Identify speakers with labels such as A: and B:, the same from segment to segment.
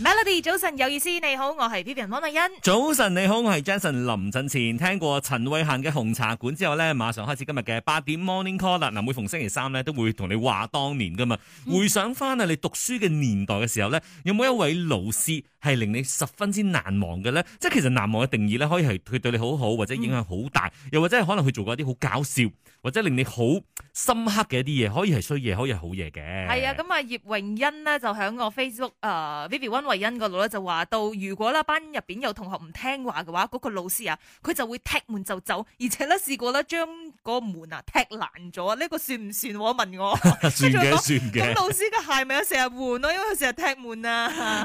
A: Melody，早晨有意思，你好，我係 Vivian 方麗欣。
B: 早晨你好，我係 Jason。臨陣前聽過陳慧恒嘅紅茶館之後咧，馬上開始今日嘅八點 Morning Call 啦。嗱，每逢星期三咧都會同你話當年噶嘛，回想翻啊，你讀書嘅年代嘅時候咧，有冇一位老師係令你十分之難忘嘅咧？即係其實難忘嘅定義咧，可以係佢對你好好，或者影響好大，嗯、又或者係可能佢做過一啲好搞笑。或者令你好深刻嘅一啲嘢，可以係衰嘢，可以係好嘢嘅。係
A: 啊，咁啊葉榮欣呢就響個 Facebook 啊、uh, Vivian 溫惠欣嗰度咧就話到，如果啦班入邊有同學唔聽話嘅話，嗰、那個老師啊，佢就會踢門就走，而且咧試過咧將個門啊踢爛咗，呢、這個算唔算？我問我， 算嘅的 說算咁的老師嘅鞋咪有成日換咯，因為佢成日踢門啊。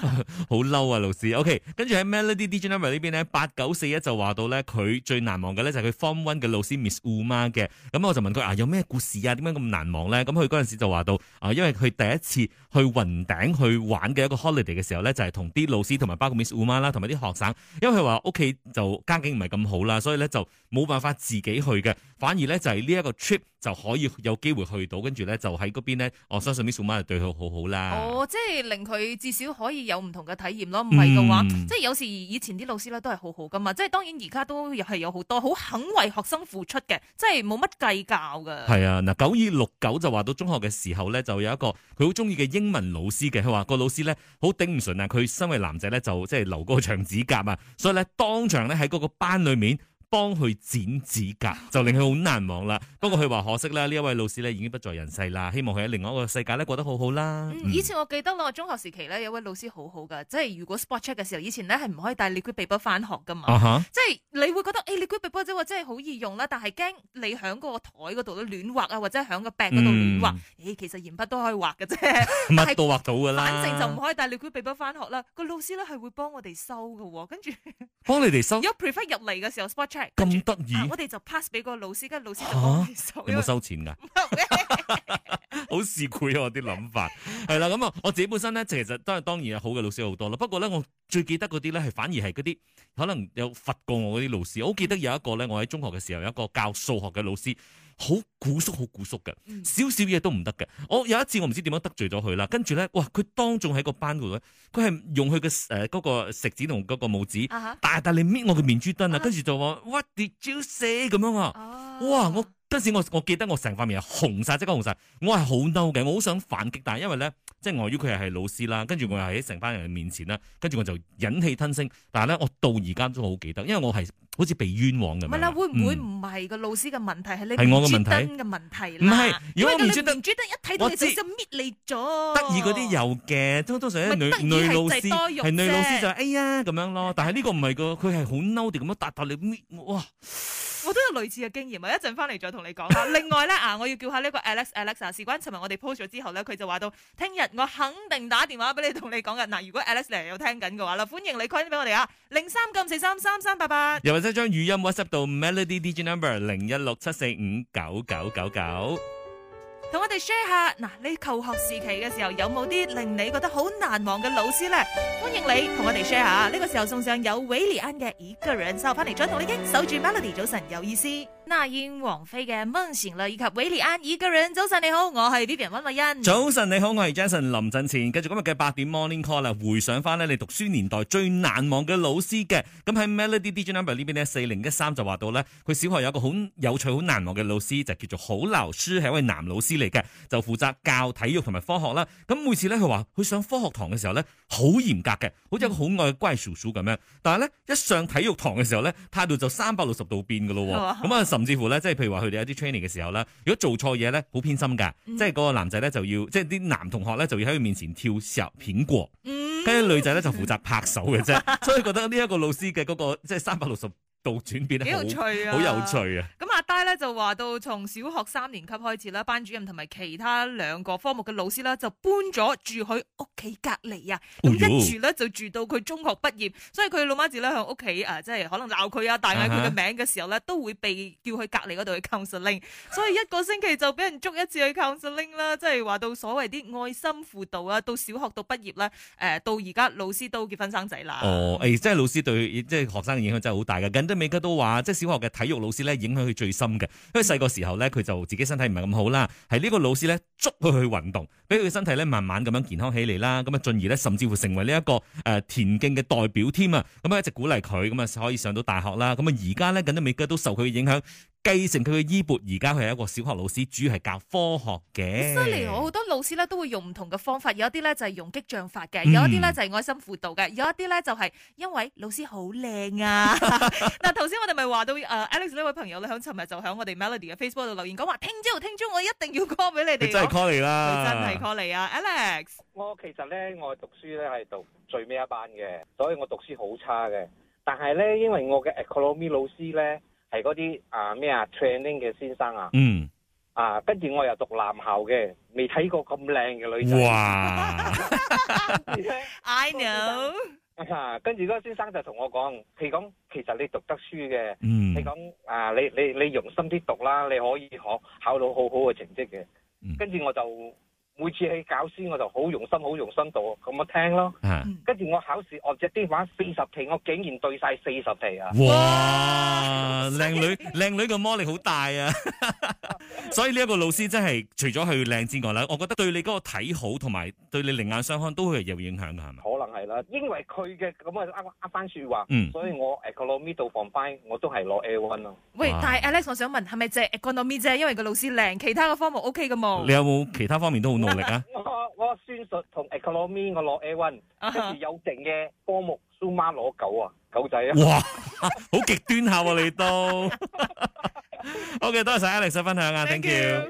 B: 好嬲 啊老師。OK，跟住喺咩呢啲 DJ 呢邊呢？八九四一就話到咧，佢最難忘嘅咧就係佢 Form One 嘅老師 Miss Uma 嘅。咁我就問佢啊，有咩故事啊？點解咁難忘咧？咁佢嗰陣時就話到啊，因為佢第一次去雲頂去玩嘅一個 holiday 嘅時候咧，就係同啲老師同埋包括 Miss Wu 媽啦，同埋啲學生，因為佢話屋企就家境唔係咁好啦，所以咧就冇辦法自己去嘅，反而咧就係呢一個 trip 就可以有機會去到，跟住咧就喺嗰邊咧，我相信 Miss u 媽就對佢好好啦。
A: 哦，即係令佢至少可以有唔同嘅體驗咯，唔係嘅話，嗯、即係有時以前啲老師咧都係好好噶嘛，即係當然而家都又係有好多好肯為學生付出嘅，即係冇乜計。教
B: 嘅係啊，嗱，九二六九就話到中學嘅時候咧，就有一個佢好中意嘅英文老師嘅，佢話個老師咧好頂唔順啊，佢身為男仔咧就即係留個長指甲啊，所以咧當場咧喺嗰個班裏面。幫佢剪指甲就令佢好難忘啦。不過佢話可惜啦，呢一位老師咧已經不在人世啦。希望佢喺另外一個世界咧過得好好啦、嗯。以
A: 前我記得我中學時期咧有位老師好好噶，即係如果 spot check 嘅時候，以前咧係唔可以帶 liquid paper 翻學噶嘛。Uh huh. 即係你會覺得誒、欸、liquid paper 即係真係好易用啦，但係驚你響嗰個台嗰度都亂畫啊，或者響個壁嗰度亂畫。誒、嗯欸，其實鉛筆都可以畫嘅啫，係 是都
B: 畫到噶啦。反正就唔可
A: 以帶 liquid paper 翻學啦。個老師咧係會幫我哋收噶，跟住幫你哋收。 入嚟嘅時候咁
B: 得意，我哋
A: 就 pass 俾個老師，跟老師講，蛤為有冇收
B: 錢㗎？ 好市儈啊！我啲諗法係啦，咁 啊， 我自己本身咧，其實都係當然有好嘅老師好多啦。不過咧，我最記得嗰啲咧，係反而係嗰啲可能有罰過我嗰啲老師。 我記得有一個咧，我喺中學嘅時候有一個教數學嘅老師。好古縮好古縮嘅，少少嘢都唔得嘅。我有一次我唔知點樣得罪咗佢啦，跟住咧，哇！佢當眾喺個班度咧，佢係用佢嘅誒個食指同個拇指，大大力搣我嘅面珠墩啊，uh huh. 跟住就話 what did you say 咁樣啊，huh. 哇！我。嗰時我我記得我成塊面係紅晒，即刻紅晒，我係好嬲嘅，我好想反擊，但係因為咧，即係礙於佢係老師啦，跟住我又喺成班人面前啦，跟住我就忍氣吞聲，但係咧我到而家都好記得，因為我係好似被冤枉咁。唔係啦，會唔會唔
A: 係個老師嘅問題，係你朱德嘅問題啦？唔係，如果我朱德，朱德一睇到你就就搣你咗。得意嗰啲
B: 有嘅，通常女女老師係女老師就哎呀咁樣咯，但係呢個唔係噶，佢係好嬲地咁樣打到你哇！
A: 我都有類似嘅經驗啊！一陣翻嚟再同你講。另外呢，啊，我要叫下呢個 Alex Alex 啊。事關尋日我哋 post 咗之後呢，佢就話到聽日我肯定打電話俾你同你講嘅。嗱，如果 Alex 呢有聽緊嘅話啦，歡迎你 call 翻俾我哋啊，零三九四三三三八八，
B: 又或者將語音 WhatsApp 到 Melody D J Number 零一六七四五九九九九。
A: 同我哋 share 下，嗱，你求學時期嘅時候有冇啲令你覺得好難忘嘅老師咧？歡迎你同我哋 share 下。呢個時候送上有韋禮安嘅《一個人》，收翻嚟，再同你傾，守住 Melody，早晨有意思。那英、娜王菲嘅《孟醒了》，以及維利安、依個人。早晨你好，我係 Bian 溫慧欣。早
B: 晨你好，我係 Jason 林振前。繼續今日嘅八點 Morning Call 啦，回想翻咧你讀書年代最難忘嘅老師嘅。咁喺 Melody Digi Number 呢邊咧，四零一三就話到呢，佢小學有一個好有趣、好難忘嘅老師，就是、叫做好流書，係一位男老師嚟嘅，就負責教體育同埋科學啦。咁每次呢，佢話佢上科學堂嘅時候呢，好嚴格嘅，好似一個好愛乖叔叔咁樣。但係呢，一上體育堂嘅時候呢，態度就三百六十度變噶咯。咁啊 甚至乎咧，即係譬如話佢哋有啲 training 嘅時候咧，如果做錯嘢咧，好偏心噶，嗯、即係嗰個男仔咧就要，即係啲男同學咧就要喺佢面前跳石片過，跟住、嗯、女仔咧就負責拍手嘅啫， 所以覺得呢一個老師嘅嗰、那個即係三百六十。就是度轉變咧、啊、好有趣啊，好有趣啊！
A: 咁阿呆咧就話到從小學三年級開始啦，班主任同埋其他兩個科目嘅老師啦，就搬咗住喺屋企隔籬啊。咁、哦、呦一住咧就住到佢中學畢業，所以佢老媽子咧喺屋企啊，即係可能鬧佢啊，大嗌佢嘅名嘅時候咧，uh huh. 都會被叫去隔籬嗰度去 counseling 所以一個星期就俾人捉一次去 counseling 啦。即係話到所謂啲愛心輔導啊，到小學到畢業咧，誒，到而家老師都結婚生仔啦。
B: 哦、oh，欸，誒，即係老師對即係學生嘅影響真係好大嘅。跟啲美吉都話，即係小學嘅體育老師咧，影響佢最深嘅，因為細個時候咧，佢就自己身體唔係咁好啦，係呢個老師咧，捉佢去運動，俾佢嘅身體咧慢慢咁樣健康起嚟啦，咁啊進而咧，甚至乎成為呢一個誒、呃、田徑嘅代表添啊，咁、嗯、啊一直鼓勵佢，咁、嗯、啊可以上到大學啦，咁啊而家咧，咁啲美吉都受佢嘅影響。繼承佢嘅衣缽，而家佢係一個小學老師，主要係教科學嘅。犀利，我好多
A: 老師咧都會用唔同嘅方法，有一啲咧就係用激將法嘅，有一啲咧就係愛心輔導嘅，有一啲咧就係因為老師好靚啊。嗱，頭先我哋咪話到誒，Alex 呢位朋友咧響尋日就響我哋 Melody 嘅 Facebook 度留言講話聽朝聽朝我一定要 call 俾你哋，真係 call 嚟啦，真係 call 嚟啊，Alex。
C: 我其實咧我讀書咧係讀最尾一班嘅，所以我讀書好差嘅。但係咧因為我嘅 economy 老師咧。係嗰啲啊咩啊 training 嘅先生啊，嗯，啊跟住我又讀男校嘅，未睇過咁靚嘅女仔，
B: 哇
C: ！I know，跟住嗰個先生就同我講，佢講，其實你讀得書嘅，嗯，啊、你講啊，你你你用心啲讀啦，你可以學考，考到好好嘅成績嘅，跟住、嗯、我就。每次去教書，我就好用心，好用心讀，咁我聽咯。跟住、啊、我考試，我只機玩四十題，我竟然對晒四十題啊！哇，
B: 靚 女，靚女個魔力好大啊！ 所以呢一個老師真係除咗佢靚之外咧，我覺得對你嗰個睇好同埋對你另眼相看都會係有影響噶，係咪？
C: 可能係啦，因為佢嘅咁啊，阿阿班說話，嗯，所以我 Economics 度放翻，我都係攞 A one
A: 咯。喂，但係 Alex，我想問，係咪就 Economics 啫？因為個老師靚，其他嘅科目 O K 噶嘛？你
B: 有冇其他方面都好努力啊 ？
A: 我宣、
C: e、y，我算術同 Economics 我攞 A one，跟住有定嘅科目 summa 攞狗啊，狗仔哇 啊！
B: 哇，好極端下啊，你都。OK，多謝晒阿 Lex 分享啊，thank you。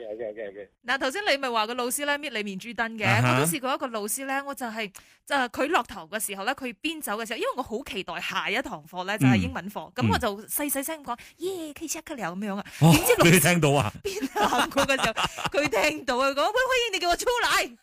A: 嗱，頭先你咪話個老師咧搣你面珠墩嘅，uh huh. 我都試過一個老師咧，我就係、是、就佢、是、落堂嘅時候咧，佢邊走嘅時候，因為我好期待下一堂課咧就係、是、英文課，咁、mm hmm. 我就細細聲講耶，catch a clear 咁樣啊，點知、oh, 老師
B: 聽到啊，邊喊
A: 嗰嘅時候，佢聽到啊，講喂，可、hey, 以你叫我出嚟。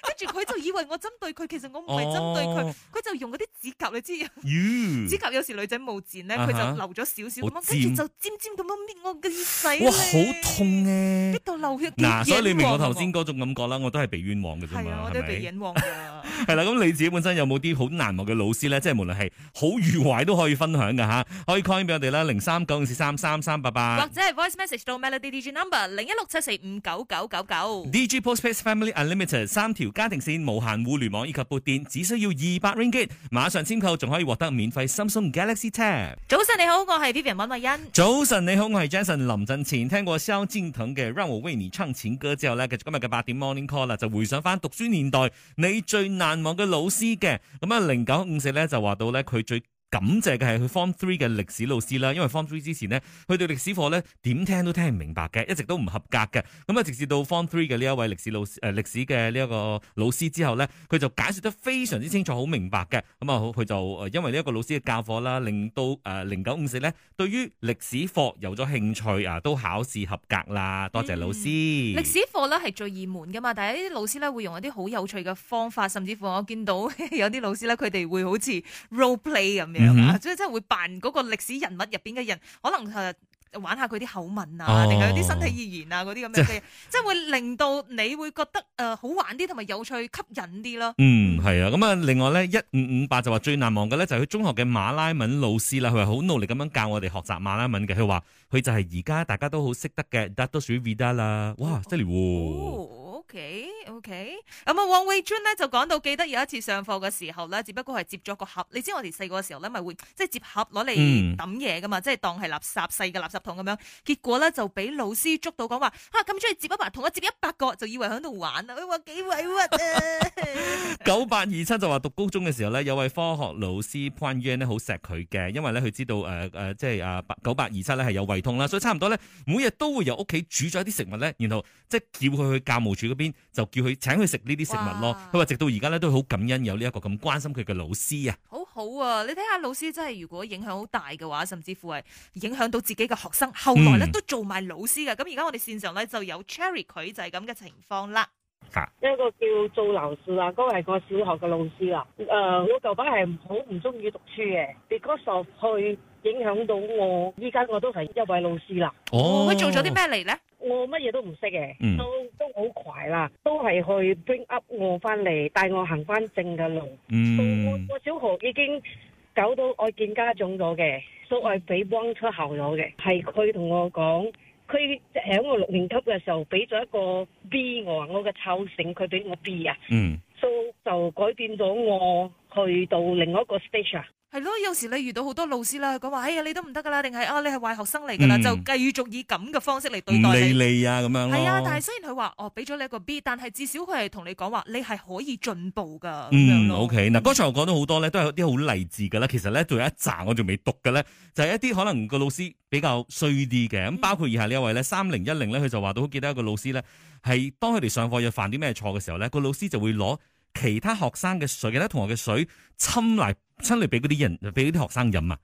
A: 跟住佢就以為我針對佢，其實我唔係針對佢，佢、oh, 就用嗰啲指甲，你知唔知？指甲有時女仔冇剪咧，佢、uh huh, 就留咗少少咁樣，跟住就尖尖咁樣搣我嘅耳仔哇，好痛啊！搣到流血，嗱、啊，所以你明我頭先
B: 嗰種感覺啦，啊、我都係被冤枉嘅啫嘛，係咪、啊？我都係被冤枉嘅。係啦，咁你自己本身有冇啲好難忘嘅老師咧？即係無論係好與壞都可以分享噶吓，可以 call 俾我哋啦，零三九四三三三八八，或
A: 者係 voice message 到 Melody Digi number 零一六七四五九九九九
B: Digi Postpaid Family Unlimited 三條家庭綫無限互聯網以及撥電，只需要二百 ringgit，馬上簽購仲可以獲得免費 Samsung Galaxy Tab。
A: 早晨你好，我係 Vivian 溫慧欣。
B: 早晨你好，我係 Jason 林振前。聽過蕭敬騰嘅《Run Away》唱錢歌之後咧，繼續今日嘅八點 morning call 啦，就回想翻讀書年代你最難。難忘嘅老師嘅，咁啊零九五四咧就話到咧佢最。 感謝嘅係佢 Form Three 嘅歷史老師啦，因為 Form Three 之前呢，佢對歷史課呢點聽都聽唔明白嘅，一直都唔合格嘅。咁啊，直至到 Form Three 嘅呢一位歷史老師，誒歷史嘅呢一個老師之後呢，佢就解釋得非常之清楚，好明白嘅。咁啊，佢就因為呢一個老師嘅教課啦，令到誒零九五四呢，呃、對於歷史課有咗興趣啊，都考試合格啦。多謝老師。嗯、歷
A: 史課呢係最熱門㗎嘛，但係啲老師呢會用一啲好有趣嘅方法，甚至乎我見到有啲老師呢，佢哋會好似 role play 咁樣。嗯、 即係真係會扮嗰個歷史人物入邊嘅人，可能誒玩下佢啲口吻啊，定係、哦、有啲身體語言啊，嗰啲咁樣嘅嘢，嗯、即係會令到你會覺得誒、呃、好玩啲，同埋有趣、吸引啲咯。
B: 嗯，係啊。咁啊，另外咧一五五八就話最難忘嘅咧就係、是、佢中學嘅馬拉文老師啦，佢係好努力咁樣教我哋學習馬拉文嘅。佢話佢就係而家大家都好識得嘅，Dato Sri Vida 啦。哇，犀利喎！O
A: K。哦哦 okay O K，咁啊，黃慧娟呢就講到記得有一次上課嘅時候呢，只不過係接咗個盒，你知我哋細個嘅時候呢，咪會即係接盒攞嚟抌嘢噶嘛，即係當係垃圾細嘅垃圾桶咁樣，結果呢，就俾老師捉到講話，吓，咁出去接一白桶啊，接一百個就以為喺度玩啊，佢話，幾委屈啊！
B: 九八二七就話讀高中嘅時候呢，有位科學老師潘淵呢好錫佢嘅，因為呢，佢知道誒誒，即係啊九八二七呢係有胃痛啦，所以差唔多呢，每日都會由屋企煮咗啲食物呢，然後即係叫佢去教務處嗰邊就。佢請佢食呢啲食物咯，佢話直到而家咧都好感恩有呢一個咁關心佢嘅老師啊，
A: 好好啊！你睇下老師真係，如果影響好大嘅話，甚至乎係影響到自己嘅學生，後來咧都做埋老師嘅。咁而家我哋線上咧就有 Cherry，佢就係咁嘅情況啦。一
B: 個
D: 叫做劉少華嗰個係個小學嘅老師啦。誒，我舊版係好唔中意讀書嘅，結果受佢影響到我，依家我都係一位老師啦。哦，佢做咗啲咩嚟咧？我乜嘢都唔識嘅，都都好怪啦，都係去 bring up 我翻嚟，帶我行翻正嘅路。嗯、我我小學已經搞到我見家長咗嘅，都係俾幫出校咗嘅。係佢同我講，佢喺我六年級嘅時候俾咗一個 B 我，我嘅臭醒佢俾我 B 啊，所以、嗯 so、就改變咗我去到另外一個 station。
A: 係咯，有時你遇到好多老師啦，佢話哎呀，你都唔得噶啦，定係啊你係壞學生嚟噶啦，嗯、就繼續以咁嘅方式嚟對待你。唔理你
B: 啊咁樣。係啊，但係雖
A: 然佢話哦，俾咗你一個 B，但係至少佢係同你講話，你係可以進步噶。
B: 嗯，OK 嗱，剛才我講到好多咧，都係有啲好勵志噶啦。其實咧，仲有一集我仲未讀嘅咧，就係、是、一啲可能個老師比較衰啲嘅咁，包括以下呢一位咧，三零一零咧，佢就話到好記得一個老師咧，係當佢哋上課又犯啲咩錯嘅時候咧，個老師就會攞其他學生嘅水，其他同學嘅水侵嚟。出嚟俾嗰啲人，俾嗰啲學生飲啊！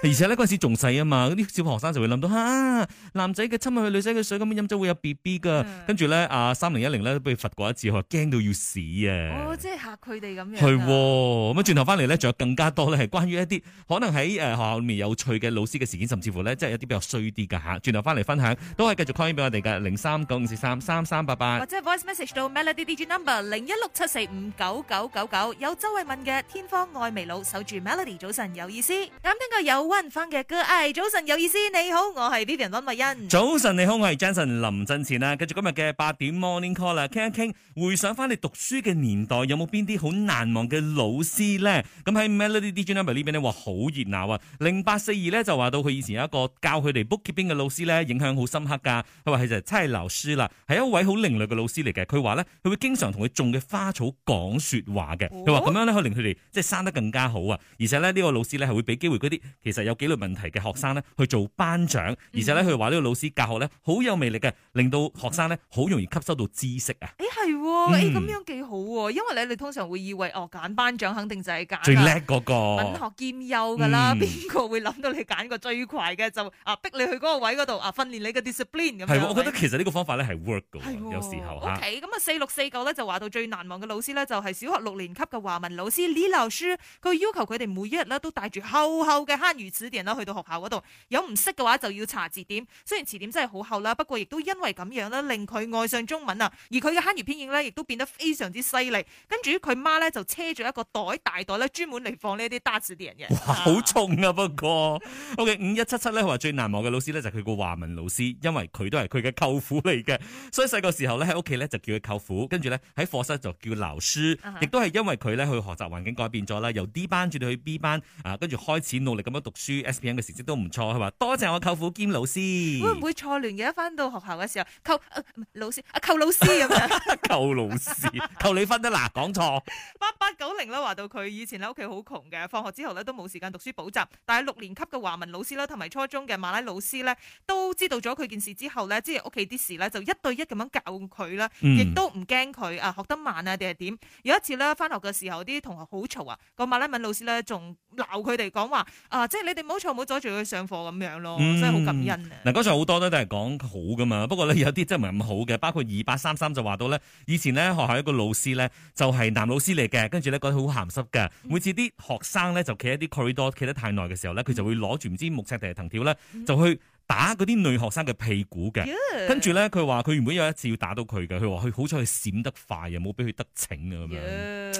B: 而且呢嗰陣時仲細啊嘛，啲小學生就會諗到哈，男仔嘅親下佢女仔嘅水，咁樣飲咗會有 B B 噶。跟住咧，啊，三零一零咧都被罰過一次，我驚到要死啊！哦，
A: 即係嚇佢哋咁
B: 樣。係咁啊！轉頭翻嚟咧，仲有更加多咧，係關於一啲可能喺誒、呃、學校裏面有趣嘅老師嘅事件，甚至乎咧即係一啲比較衰啲嘅嚇。轉頭翻嚟分享，都係繼續 call 俾我哋嘅零三九五四三三三八八，或
A: 者 voice message 到 melody DJ number 零一六七四五九九九九，有周慧敏嘅天荒愛未老守住 melody 早晨有意思，咁呢個有。翻嘅歌，哎，早晨有意思，你好，我係 B B N 溫慧欣。早
B: 晨你好，我係 Jason 林振前啊，繼續今日嘅八點 morning call 啦，傾一傾，回想翻你讀書嘅年代，有冇邊啲好難忘嘅老師咧？咁喺 Melody DJ Number 邊呢邊咧，話好熱鬧啊，零八四二咧就話到佢以前有一個教佢哋 bookkeeping 嘅老師咧，影響好深刻噶。佢話係就真係流師啦，係一位好另類嘅老師嚟嘅。佢話咧，佢會經常同佢種嘅花草講說話嘅。佢話咁樣咧，可以令佢哋即係生得更加好啊。而且咧，呢、呢個老師咧係會俾機會嗰啲其實。有紀律問題嘅學生咧，去做班長，而且咧佢話呢個老師教學咧好有魅力嘅，令到學生咧好容易吸收到知識啊！
A: 誒係、欸，誒咁、哦嗯欸、樣幾好、哦，因為你你通常會以為哦揀班長肯定就係揀、啊、最叻、那
B: 個，文學
A: 兼優噶啦，邊個、嗯、會諗到你揀個最快嘅就啊逼你去嗰個位嗰度啊訓練你嘅 discipline 咁樣、哦。係，我覺得其
B: 實呢個方法咧係 work 嘅，哦、有時候 O K，
A: 咁啊四六四九咧就話到最難忘嘅老師咧就係小學六年級嘅華文老師李流書，佢要求佢哋每一日咧都帶住厚厚嘅慳字典啦，去到學校嗰度有唔識嘅話就要查字典。雖然字典真係好厚啦，不過亦都因為咁樣呢，令佢愛上中文啊。而佢嘅漢語拼音呢亦都變得非常之犀利。跟住佢媽呢就車咗一個袋大袋呢專門嚟放呢啲大字典嘅。哇、
B: 啊、好重啊！不過，OK，五一七七呢話最難忘嘅老師呢就係佢個華文老師，因為佢都係佢嘅舅父嚟嘅，所以細個時候呢，喺屋企呢就叫佢舅父，跟住呢，喺課室就叫劉書，亦都係因為佢呢去學習環境改變咗啦，由 D 班轉到去 B 班啊，跟住開始努力咁樣讀。S 書 S P M 嘅成績都唔錯，佢話多謝我舅父兼老師。會唔會
A: 錯亂嘅？一翻到學校嘅時候，舅、啊、老師，阿、啊、舅老師咁樣。
B: 舅 老師，扣你分得嗱，講錯。
A: 八八九零咧話到佢以前喺屋企好窮嘅，放學之後咧都冇時間讀書補習。但係六年級嘅華文老師咧，同埋初中嘅馬拉老師咧，都知道咗佢件事之後咧，即係屋企啲事咧，就一對一咁樣教佢啦，亦都唔驚佢啊學得慢啊定係點？嗯、有一次咧翻學嘅時候，啲同學好嘈啊，個馬拉文老師咧仲鬧佢哋講話啊，即係你。你哋唔好嘈，唔好阻住佢上課咁樣咯，嗯、真係好
B: 感恩嗱，嗰時候好多咧都係講好噶嘛，不過咧有啲真係唔係咁好嘅，包括二八三三就話到咧，以前咧學校一個老師咧就係男老師嚟嘅，跟住咧覺得好鹹濕嘅，每次啲學生咧就企喺啲過道企得太耐嘅時候咧，佢就會攞住唔知木尺定係藤條咧就去打嗰啲女學生嘅屁股嘅，Yeah. 跟住咧，佢話佢原本有一次要打到佢嘅，佢話佢好彩佢閃得快，又冇俾佢得逞啊咁樣。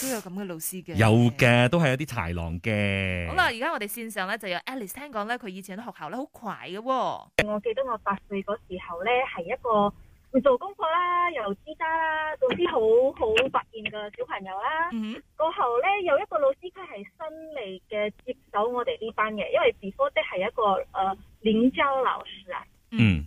A: 都有咁嘅老師嘅，有
B: 嘅都係一啲豺狼嘅。好啦，
A: 而家我哋線上咧就有 Alice 聽講咧，佢以前喺學校咧好怪嘅。我記得我八歲嗰時候咧，係一個做功課啦，又知家啦，
D: 老師好好發現嘅小朋友啦。嗯。過後咧有一個老師佢係新嚟嘅接手我哋呢班嘅，因為 before 的係一個誒。呃林嬌老師啊，嗯。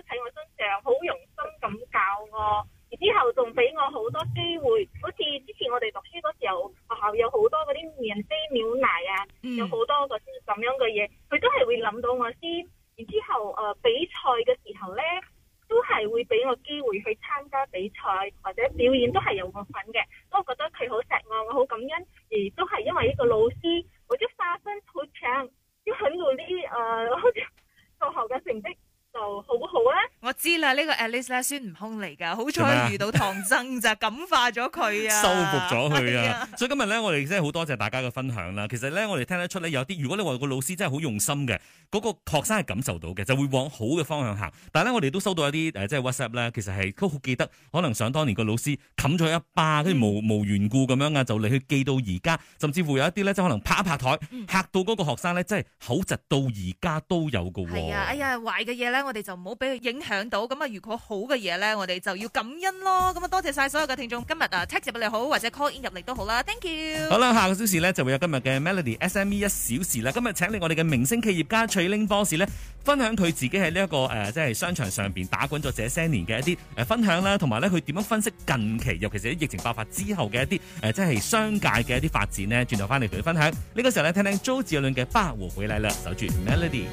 A: 知啦，呢、這個 Alice 咧孫悟空嚟㗎，好彩遇到唐僧就麼感化咗佢啊， 收服
B: 咗佢啊。 所以今日咧，我哋真係好多謝大家嘅分享啦。其實咧，我哋聽得出咧有啲，如果你話個老師真係好用心嘅，嗰、那個學生係感受到嘅，就會往好嘅方向行。但係咧，我哋都收到一啲、啊、即係 WhatsApp 咧，其實係都好記得，可能想當年個老師冚咗一巴，巴，跟住、嗯、無無緣故咁樣啊，就嚟去記到而家。甚至乎有一啲咧，即係可能拍一拍台，嚇到嗰個學生咧，真係口窒到而家都有嘅。係啊，哎
A: 呀，壞嘅嘢咧，我哋就唔好俾佢影響。到咁啊，如果好嘅嘢呢，我哋就要感恩咯。咁啊，多謝晒所有嘅聽眾今日啊，text 入嚟好，或者 call in 入嚟都好啦。Thank you。好啦，下
B: 個小時呢，就會有今日嘅 Melody S M E 一小時啦。今日請嚟我哋嘅明星企業家翠玲博士呢，分享佢自己喺呢一個誒、呃，即係商場上邊打滾咗這些年嘅一啲誒分享啦，同埋呢，佢點樣分析近期，尤其是疫情爆發之後嘅一啲誒、呃，即係商界嘅一啲發展呢？轉頭翻嚟同你分享。呢、這個時候咧，聽聽，聽周杰倫嘅爸，我回來了。守住 Melody